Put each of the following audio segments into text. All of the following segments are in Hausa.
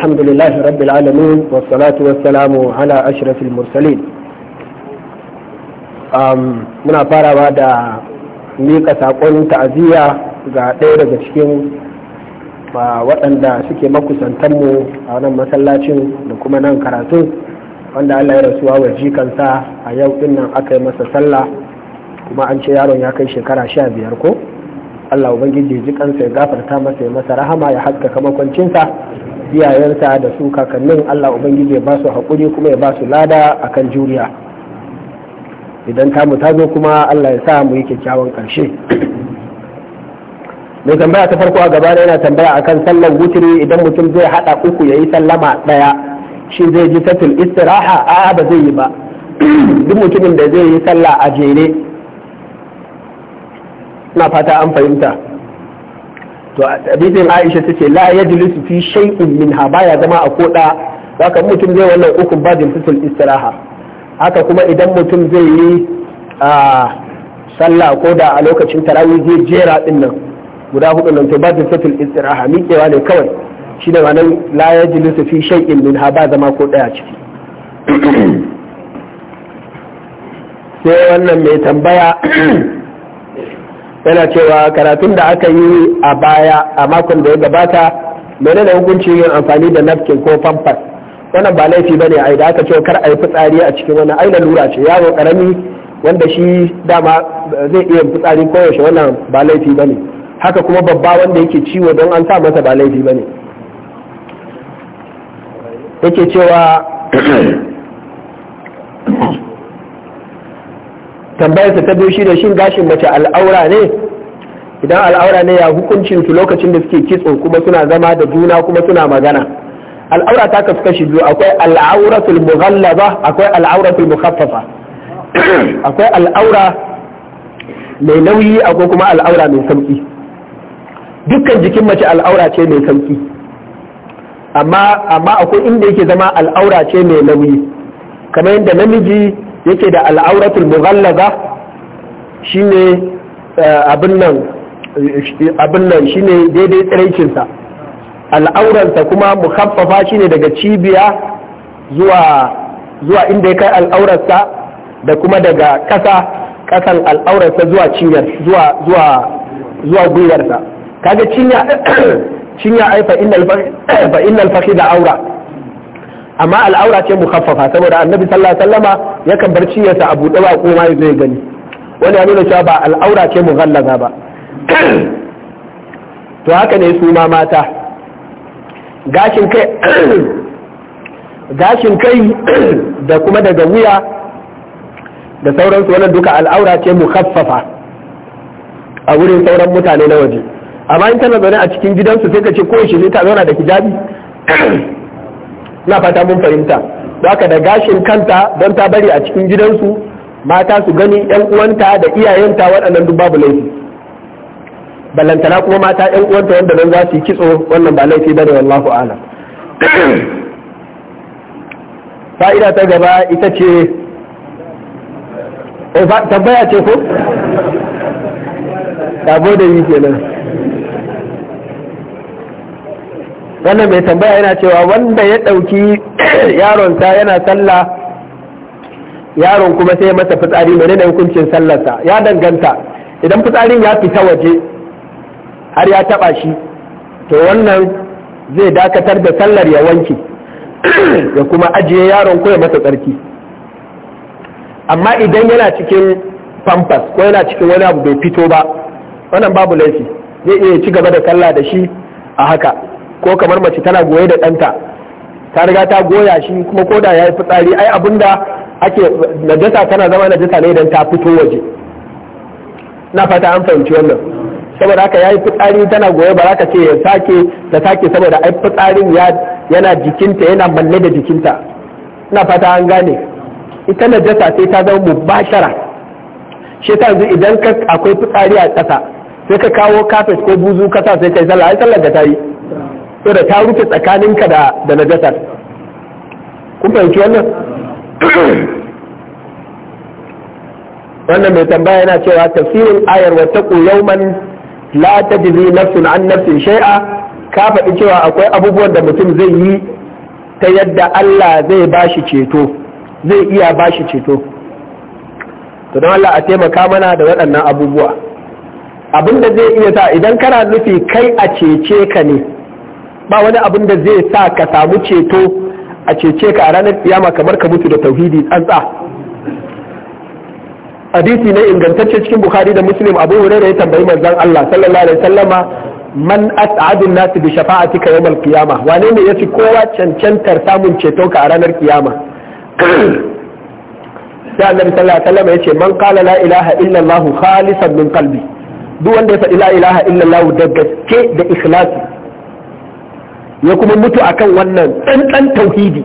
الحمد لله رب العالمين والصلاة والسلام على أشرف المرسلين muna farawa da mika saƙon ta'aziyya ga daya daga cikin uh, waɗanda suke mu a wannan masallacin da kuma nan karatu wanda Allah ya rasuwa wa kansa a yau din nan aka yi masa sallah kuma an ce yaron ya kai shekara sha biyar ko Allah Ubangiji ji kansa ya gafarta masa ya masa rahama ya haskaka makwancinsa iyayensa da su kakannin Allah Ubangiji ya ba su haƙuri kuma ya ba su lada a kan juriya idan tamu ta zo kuma Allah ya sa mu yi kyakkyawan ƙarshe mai tambaya ta farko a gaba yana tambaya akan sallan wutiri idan mutum zai haɗa uku ya yi sallama ɗaya shi zai ji satul istiraha a ba zai yi ba duk mutumin da zai yi sallah a jere na fata an fahimta to a hadisin Aisha tace la yajlisu fi shay'in minha baya zama a koda haka mutum zai wannan ukun ba jinsul istiraha haka kuma idan mutum zai yi a sallah ko da a lokacin tarawih zai jera din nan guda hudu nan to ba jinsul istiraha miƙewa ne kawai shi da wannan la yajlisu fi shay'in minha ba zama ko daya ciki sai wannan mai tambaya yana cewa karatun da aka yi a baya a makon da ya gabata da hukuncin yin amfani da nafkin ko famfas wannan ba laifi bane ai da aka cewa kar a yi fitsari a cikin wani aina lura ce yaro karami wanda shi dama zai iya fitsari koyaushe wannan ba laifi bane haka kuma babba wanda yake ciwo don an sa masa ba laifi bane yake cewa tambayarsa ta biyu shi da shin gashin mace al'aura ne idan al'aura ne ya hukuncin su lokacin da suke kitso kuma suna zama da juna kuma suna magana al'aura ta kasu kashi biyu akwai al'auratul mughallaba akwai al'auratul mukhaffafa akwai al'aura mai nauyi akwai kuma al'aura mai sauki dukkan jikin mace al'aura ce mai sauki amma amma akwai inda yake zama al'aura ce mai nauyi kamar yadda namiji yake da al'auratul mughallaza shine eh, abin nan abin nan shine daidai tsiraicinsa al'auransa kuma mukhaffafa shine daga cibiya zuwa zuwa inda ya kai al'aurarsa da kuma daga ƙasa ƙasan al'aurarsa zuwa cinyar zuwa zuwa zuwa gwiwarsa kaga cinya cinya ai innal fa innal fakhida aura amma al'aura ce mukhaffafa saboda annabi sallallahu alaihi wasallama yakan bar ciyarsa a buɗe ba koma ya zai gani wani ya nuna cewa ba al'aura ce mughallaza ba to haka ne su ma mata gashin kai gashin kai da kuma daga wuya da sauransu wannan duka al'aura ce mukhaffafa a wurin sauran mutane na waje amma in tana zaune a cikin gidansu sai ka ce ko shi ta zauna da hijabi na fata mun fahimta haka da gashin kanta don ta bari a cikin gidansu mata su gani yan uwanta da iyayenta waɗannan duk babu laifi ballantana kuma mata yan uwanta wanda nan za su yi kitso wannan ba laifi bane wallahu a'lam fa'ida ta gaba ita ce eh, tambaya ce ko da yi kenan wannan mai tambaya yana cewa wanda ya ɗauki yaronsa yana sallah yaron kuma sai masa fitsari mai nuna hukuncin sallarsa ya danganta idan fitsarin ya fita waje har ya taɓa shi to wannan zai dakatar da sallar ya wanke ya kuma ajiye yaron ko ya masa tsarki amma idan yana cikin pampas ko yana cikin wani abu bai fito ba wannan babu laifi zai iya ci gaba da sallah da shi a haka ko kamar mace tana goye da ɗanta ta riga ta goya shi kuma ko da ya yi fitsari ai abinda ake najasa tana zama najasa ne idan ta fito waje na fata an fahimci wannan saboda haka ya yi fitsari tana goye ba za ka ce ya sake da sake saboda ai fitsarin yana jikinta yana manne da jikinta na fata an gane ita najasa sai ta zama mubashara shi ta yanzu idan akwai fitsari a ƙasa sai ka kawo kafet ko buzu sa sai kai sallah ai sallar da ta yi so da ta rufe tsakaninka da da najasar kun fahimci wannan wannan mai tambaya yana cewa tafsirin ayar wa taqu yawman la tajzi nafsun an nafsin shay'a ka faɗi cewa akwai abubuwan da mutum zai yi ta yadda Allah zai bashi ceto zai iya bashi ceto to don Allah a taimaka mana da waɗannan abubuwa abin da zai iya sa idan kana nufi kai a cece ka ne ba wani abin da zai sa ka samu ceto a cece ka a ranar kiyama kamar ka mutu da tauhidi tsantsa hadisi ne ingantacce cikin bukhari da muslim abu hurairah ya tambayi manzon Allah sallallahu alaihi wasallama man as'adu an-nas bi shafa'atika yawm al-qiyamah wane ne yafi kowa cancantar samun ceton ka a ranar kiyama sai annabi sallallahu alaihi wasallama yace man qala la ilaha illa allah khalisan min qalbi duk wanda ya faɗi la ilaha illa allah da gaske da ikhlasi ya kuma mutu akan wannan tsantsan tauhidi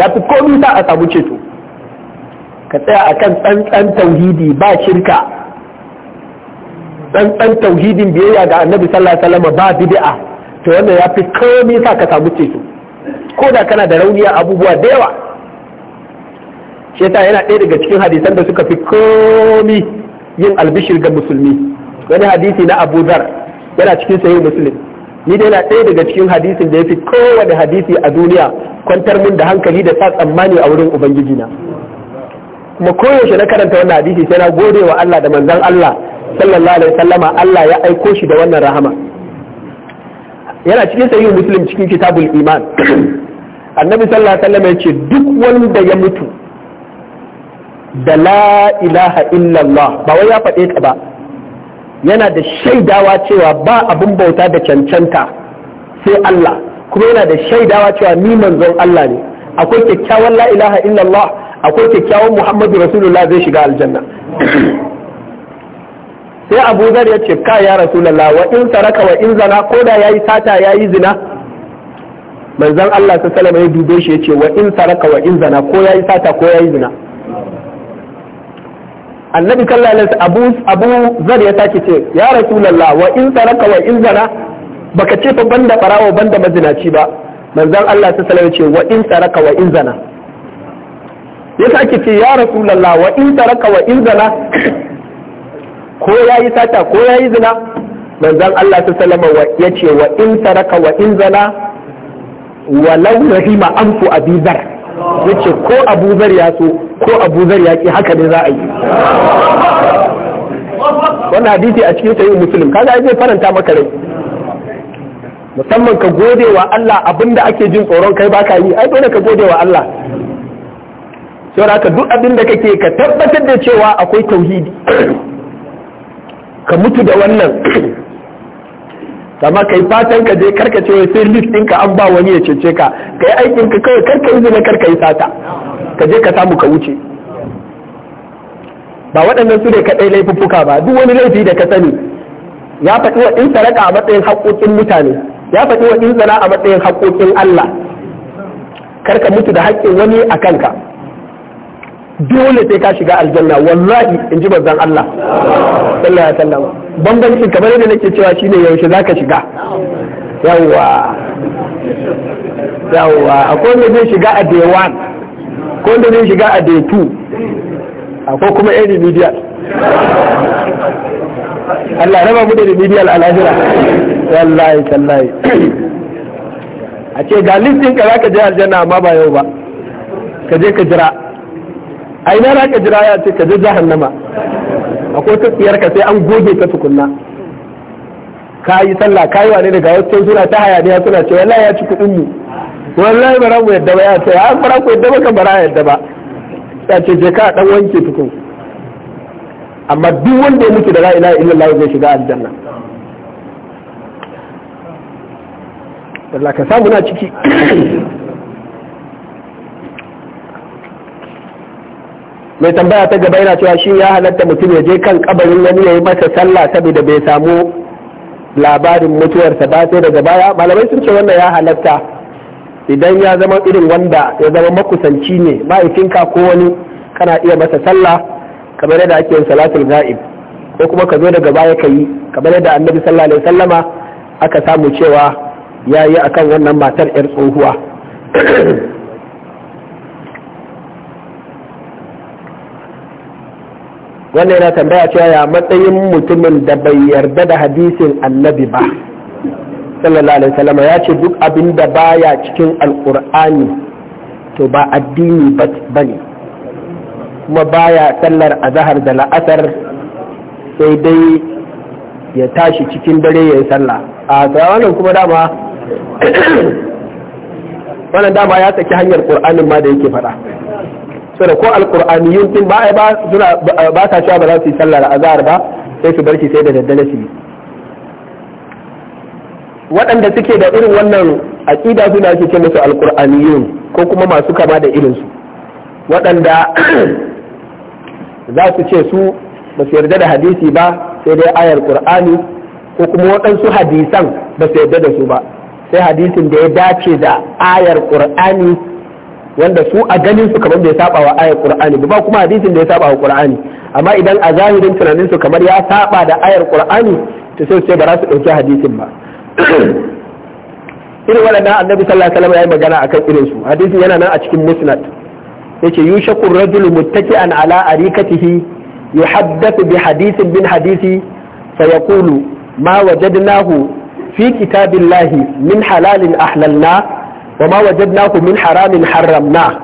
ya fi komi za a samu ceto ka tsaya akan tsantsan tauhidi ba shirka tsantsan tauhidin biyayya ga annabi sallallahu alaihi wasallam ba bid'a to wannan ya fi komi sa ka samu ceto ko da kana da rauniya abubuwa da yawa sheta yana ɗaya daga cikin hadisan da suka fi komi yin albishir ga musulmi wani hadisi na abu yana cikin sahih muslim ni dai na ɗaya daga cikin hadisin da ya fi kowane hadisi a duniya kwantar min da hankali da sa tsammani a wurin ubangiji na kuma koyaushe na karanta wannan hadisi sai na gode wa Allah da manzon Allah sallallahu alaihi wasallama Allah ya aiko shi da wannan rahama yana cikin sahihu muslim cikin kitabul iman annabi sallallahu alaihi wasallama yace duk wanda ya mutu da la ilaha illallah ba wai ya faɗe ka ba yana da shaidawa cewa ba abin bauta da cancanta sai Allah kuma yana da shaidawa cewa ni manzon Allah ne akwai kyakkyawan la ilaha illallah akwai kyakkyawan muhammadu rasulullah zai shiga aljanna sai abu zar ya ce ka ya rasulullah wa in saraka wa in zana ko da yayi sata yayi zina manzon Allah sallallahu alaihi wasallam ya dube shi ya ce wa in saraka wa in zana ko yayi sata ko yayi zina annabi sallallahu alaihi wasallam abu abu zar ya sake ce ya rasulullah wa in saraka wa in zana baka ce fa banda barawo banda mazinaci ba manzon Allah sallallahu alaihi wasallam ce wa in saraka wa in zana ya sake ce ya rasulullah wa in saraka wa in zana ko yayi sata ko yayi zina manzon Allah sallallahu alaihi ya ce wa in saraka wa in zana walau rahima anfu abi dhar yace ko Abu ya so ko abuzar ya ki haka ne za a yi wannan hadisi a cikin sahih musulun kaga ya zai faranta maka rai musamman ka gode wa Allah abinda ake jin tsoron kai baka yi ai dole ka gode wa Allah sai haka duk abin da kake ka tabbatar da cewa akwai tauhidi ka mutu da wannan kama kai fatan ka je karka ce wai sai list ka an ba wani ya cece ka kai aikin ka kawai karka yi zina karka yi sata ka je ka samu ka wuce ba waɗannan su ne ka ɗai laifuffuka ba duk wani laifi da ka sani ya faɗi wa in saraka a matsayin haƙoƙin mutane ya faɗi wa in zana a matsayin haƙoƙin Allah karka mutu da haƙƙin wani a kanka dole sai ka shiga aljanna wallahi in ji manzon Allah sallallahu alaihi wasallam bambancin kamar yadda nake cewa shi ne yaushe za ka shiga yawwa yawwa akwai wanda zai shiga a day one akwai wanda zai shiga a day two akwai kuma yan remedial Allah raba mu da remedial a lahira wallahi tallahi a ce ga listin ka zaka je aljanna amma ba yau ba ka je ka jira a ina za ka jira ya ce ka je jahannama akwai ta ka sai an goge ta tukunna ka yi sallah ka yi wane daga wasu suna ta hayaniya suna ce wallahi ya ci kuɗin mu wallahi bara mu yadda ba ya ce an ah, bara ku yadda ba kan ba yadda ba ya ce je ka dan wanke tukun amma duk wanda ya mutu da la ilaha illallah zai shiga aljanna Allah ka samu na ciki mai tambaya ta gaba yana cewa shi ya halatta mutum ya je kan kabarin wani ya yi masa sallah saboda bai samu labarin mutuwarsa ba sai daga baya malamai sun ce wannan ya halatta idan ya zama irin wanda ya zama makusanci ne ma'aikinka ko wani kana iya masa sallah kamar yadda ake yin salatul ga'ib ko kuma ka zo daga baya ka yi kamar yadda annabi sallallahu alaihi wasallama aka samu cewa ya yi akan wannan matar yar tsohuwa wannan yana tambaya cewa ya matsayin mutumin da bai yarda da hadisin annabi ba sallallahu alaihi wasallam ya ce duk abin da baya cikin alkur'ani to ba addini ba ne kuma baya sallar azahar da la'asar sai dai ya tashi cikin dare ya yi sallah a wannan kuma dama wannan dama ya saki hanyar ƙur'anin ma da yake faɗa sai ko alqur'aniyun din ba ba suna ba ta cewa ba za su yi sallar azhar ba sai su bar shi sai da daddare su yi waɗanda suke da irin wannan aƙida suna ake ce musu alqur'aniyun ko kuma masu kama da irin su waɗanda za su ce su ba su yarda da hadisi ba sai dai ayar qur'ani ko kuma waɗansu hadisan ba su yarda da su ba sai hadisin da ya dace da ayar qur'ani wanda su a ganin su kamar bai saba wa ayar qur'ani ba kuma hadisin da ya saba wa qur'ani amma idan a zahirin tunanin su kamar ya saba da ayar qur'ani to sai su ba za su dauki hadisin ba irin waɗannan annabi sallallahu alaihi wasallam ya yi magana akan irin su hadisin yana nan a cikin musnad yace yushaku rajul muttaki'an ala arikatihi yuhaddathu bi hadithin bin hadisi fayaqulu ma wajadnahu fi kitabillahi min halalin ahlalna wa wajen wajadnahu min haramin haramna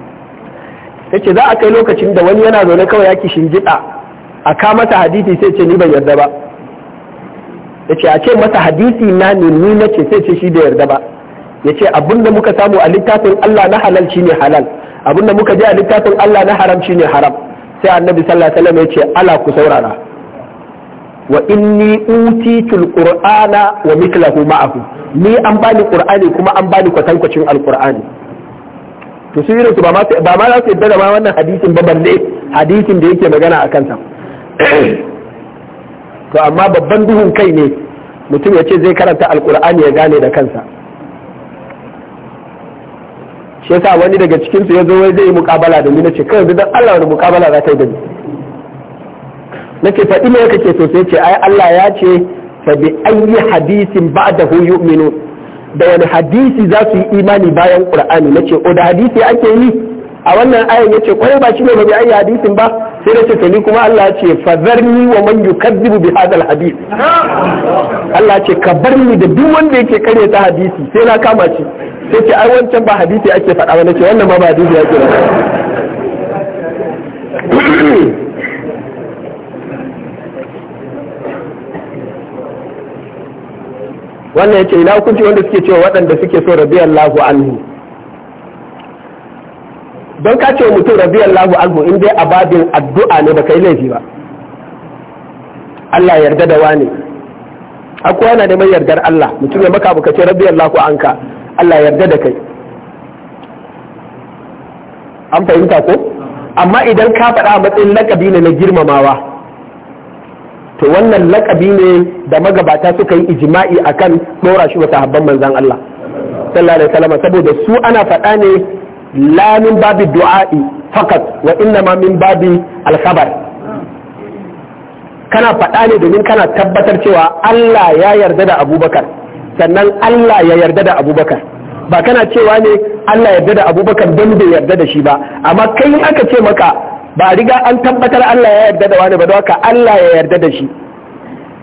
yace za a kai lokacin da wani yana zaune kawai yaki shingida a ka mata hadisi sai ce ni ban yarda ba yace a ce masa hadisi na ne ni nace sai ce shi bai yarda ba yace abin da muka samu a littafin Allah na halal shine halal abin da muka je a littafin Allah na haram shine haram sai annabi sallallahu alaihi wasallam yace ala ku saurara wa inni utitul qur'ana wa mithlahu ma'ahu ni an bani qur'ani kuma an bani kwatankwacin alqur'ani to su irin ba ma ba ma za su yadda da ma wannan hadisin ba balle hadisin da yake magana a kansa to amma babban duhun kai ne mutum ya ce zai karanta alqur'ani ya gane da kansa shi yasa wani daga cikin su ya zo wai zai yi muƙabala da ni nace kai yanzu dan Allah wani muƙabala za ta yi da ni nake faɗi me kake so sai ce ai Allah ya ce fa bi ayyi hadisin hu yu'minu da wani hadisi za su yi imani bayan qur'ani nace o da hadisi ake yi a wannan ayan ya ce kwarai ba shi ne ba bi ayyi hadisin ba sai da ce to ni kuma Allah ce fa zarni wa man yukazzibu bi hadal hadith Allah ce ka bar ni da duk wanda yake kare ta hadisi sai na kama shi sai ce ai wancan ba hadisi ake faɗa ba nace wannan ma ba hadisi ake faɗa wannan yake ina hukunci wanda suke cewa waɗanda suke so radiyallahu anhu don ka ce mutum radiyallahu anhu in dai ababin addu'a ne baka yi laifi ba Allah yarda da wani akwai yana neman mai yardar Allah mutum ya maka bukace radiyallahu anka Allah yarda da kai an fahimta ko amma idan ka faɗa a matsayin lakabi ne na girmamawa to wannan lakabi ne da magabata suka yi ijima'i akan ɗora shi wa sahabban manzan Allah sallallahu alaihi wasallam saboda su ana faɗa ne la min babi du'a'i fakat wa inna ma min babi al-khabar kana faɗa ne domin kana tabbatar cewa Allah ya yarda da Abubakar sannan Allah ya yarda da Abubakar ba kana cewa ne Allah yarda da Abubakar don bai yarda da shi ba amma kai aka ce maka ba a riga an tabbatar Allah ya yarda da wani ba don haka Allah ya yarda da shi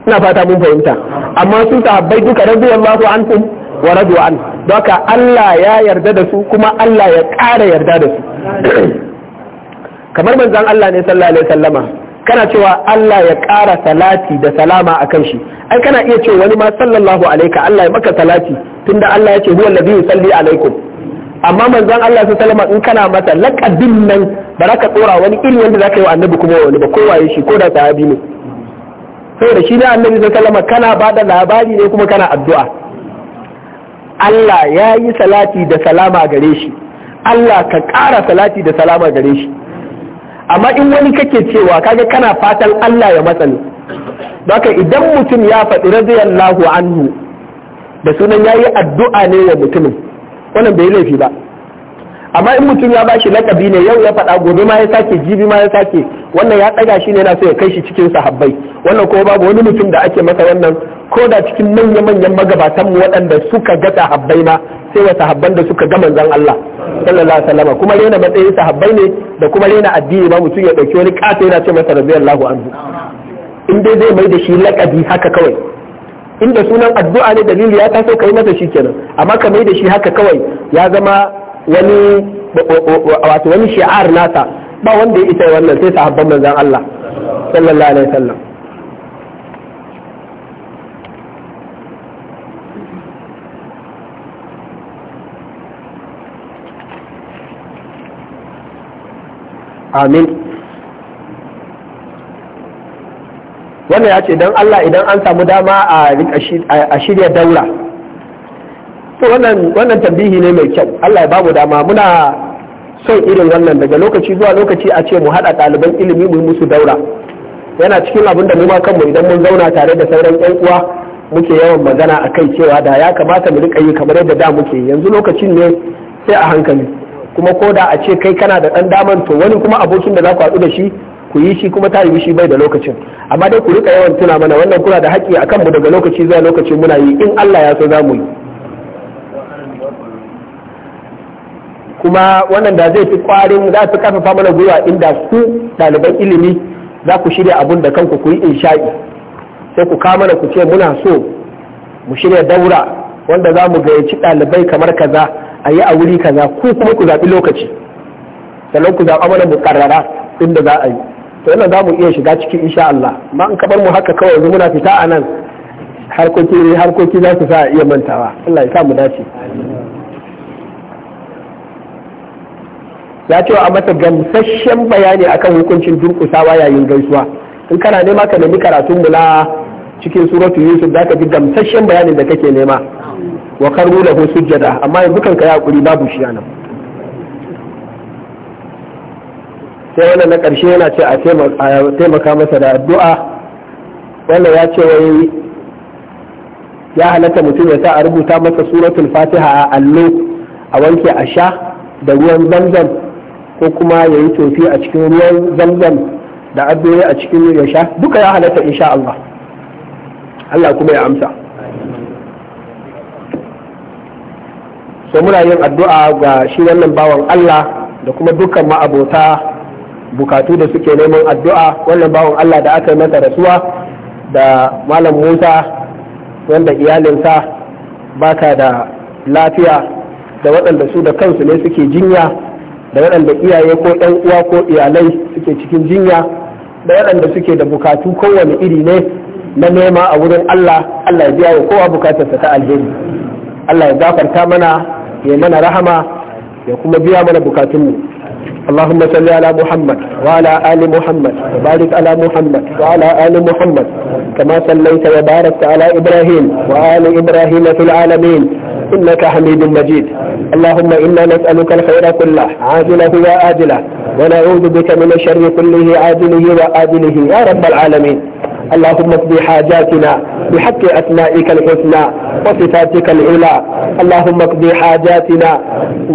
ina fata mun fahimta amma su sahabbai duka an tun wa radu an haka Allah ya yarda da su kuma Allah ya ƙara yarda da su kamar manzon Allah ne sallallahu alaihi wasallama kana cewa Allah ya ƙara salati da salama a kan shi ai kana iya cewa wani ma sallallahu alaika Allah ya maka salati tunda Allah ya ce huwa allazi yusalli alaikum amma manzon Allah sai salama in kana mata lakabin nan ba za ka tsora wani iri wanda za ka yi wa annabi kuma wani ba ya shi ko da sahabi ne saboda shi ne annabi sai salama kana ba da labari ne kuma kana addu'a Allah ya yi salati da salama gare shi Allah ka ƙara salati da salama gare shi amma in wani kake cewa kaga kana fatan Allah ya matsale baka idan mutum ya faɗi radiyallahu anhu da sunan yayi addu'a ne wa mutumin wannan bai laifi ba amma in mutum ya bashi lakabi ne yau ya faɗa gobe ma ya sake jibi ma ya sake wannan ya tsaga shi ne yana so ya kai shi cikin sahabbai wannan kuma babu wani mutum da ake masa wannan ko da cikin manya-manyan magabatan mu waɗanda suka ga sahabbai ma sai wa sahabban da suka ga manzon Allah sallallahu alaihi wasallam kuma rena matsayin sahabbai ne da kuma rena addini ba mutum ya dauki wani kasa yana ce masa radiyallahu anhu in dai zai mai da shi lakabi haka kawai inda sunan addu'a ne dalili ya taso kai masa shi kenan amma ka mai da shi haka kawai ya zama wani wato wani shi'ar nasa ba wanda ya isa wannan sai sahabban manzon Allah sallallahu alaihi wasallam amin wannan ya ce don Allah idan an samu dama a shirya daura to wannan tambihi ne mai kyau Allah ya ba mu dama muna son irin wannan daga lokaci zuwa lokaci a ce mu haɗa ɗaliban ilimi mu musu daura yana cikin abin da mu ma kanmu idan mun zauna tare da sauran yan uwa muke yawan magana a kai cewa da ya kamata mu riƙa yi kamar yadda da muke yanzu lokacin ne sai a hankali kuma ko da a ce kai kana da ɗan daman to wani kuma abokin da za ku haɗu da shi ku yi shi kuma ta yi shi bai da lokacin amma dai ku rika yawan tuna mana wannan kuna da haƙƙi akan mu daga lokaci zuwa lokacin muna yi in Allah ya so za mu yi kuma wannan da zai fi kwarin za su kafafa mana gwiwa inda su ɗaliban ilimi za ku shirya abun da kanku ku yi insha'i sai ku kama mana ku ce muna so mu shirya daura wanda za mu gayyaci ɗalibai kamar kaza a yi a wuri kaza ku kuma ku zaɓi lokaci sannan ku zaɓa mana mu ƙarrara inda za a yi to yana za mu iya shiga cikin insha Allah ma in kabar mu haka kawai yanzu muna fita a nan harkoki harkoki za su sa iya mantawa Allah ya sa mu dace ya ce a mata gamsasshen bayani akan hukuncin durkusawa yayin gaisuwa in kana nema ka nemi karatun mu cikin suratu yusuf za ka ji gamsasshen bayanin da kake nema wa da lahu sujjada amma yanzu kanka ya hakuri babu shi nan sai wannan na ƙarshe yana ce a taimaka masa da addu'a wannan ya ce wai ya halatta mutum ya sa a rubuta masa suratul fatiha a allo a wanke a sha da ruwan zamzam ko kuma ya yi tofi a cikin ruwan zamzam da addu'a a cikin ya sha duka ya halatta insha Allah Allah kuma ya amsa so muna yin addu'a ga shi wannan bawan Allah da kuma dukkan ma'abota bukatu da suke neman addu'a wannan bawan Allah da aka yi masa rasuwa da malam Musa wanda iyalinsa ba baka da lafiya da waɗanda su da kansu ne suke jinya da waɗanda iyaye ko ɗan uwa ko iyalai suke cikin jinya da waɗanda suke da bukatu kowane iri ne na nema a wurin Allah Allah ya biya wa kowa bukatarsa ta alheri Allah ya gafarta mana ya mana rahama ya kuma biya mana bukatunmu اللهم صل على محمد وعلى آل محمد وبارك على محمد وعلى آل محمد كما صليت وباركت على إبراهيم وآل إبراهيم في العالمين إنك حميد مجيد اللهم إنا نسألك الخير كله عاجله وآجله ونعوذ بك من الشر كله عاجله وآجله يا رب العالمين اللهم اقضي حاجاتنا بحق أسمائك الحسنى وصفاتك العلى اللهم اقضي حاجاتنا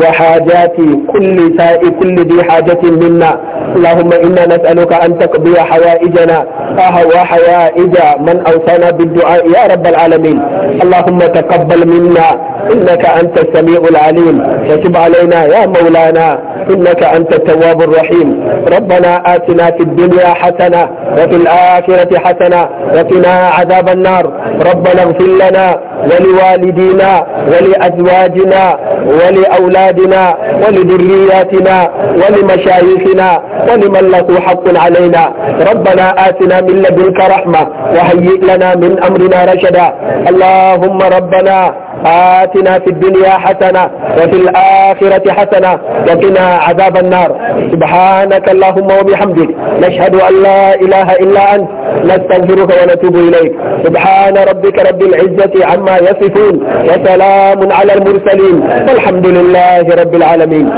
وحاجات كل سائل كل ذي حاجة منا اللهم إنا نسألك أن تقضي حوائجنا آه، وحوائج من أوصانا بالدعاء يا رب العالمين اللهم تقبل منا إنك أنت السميع العليم وتب علينا يا مولانا إنك أنت التواب الرحيم ربنا آتنا في الدنيا حسنة وفي الآخرة حسنة ربنا وقنا عذاب النار ربنا اغفر لنا ولوالدينا ولأزواجنا ولأولادنا ولذرياتنا ولمشايخنا ولمن له حق علينا ربنا آتنا من لدنك رحمة وهيئ لنا من أمرنا رشدا اللهم ربنا آتنا في الدنيا حسنة وفي الآخرة حسنة وقنا عذاب النار سبحانك اللهم وبحمدك نشهد أن لا إله إلا أنت نستغفرك ونتوب إليك سبحان ربك رب العزة عما يصفون وسلام على المرسلين والحمد لله رب العالمين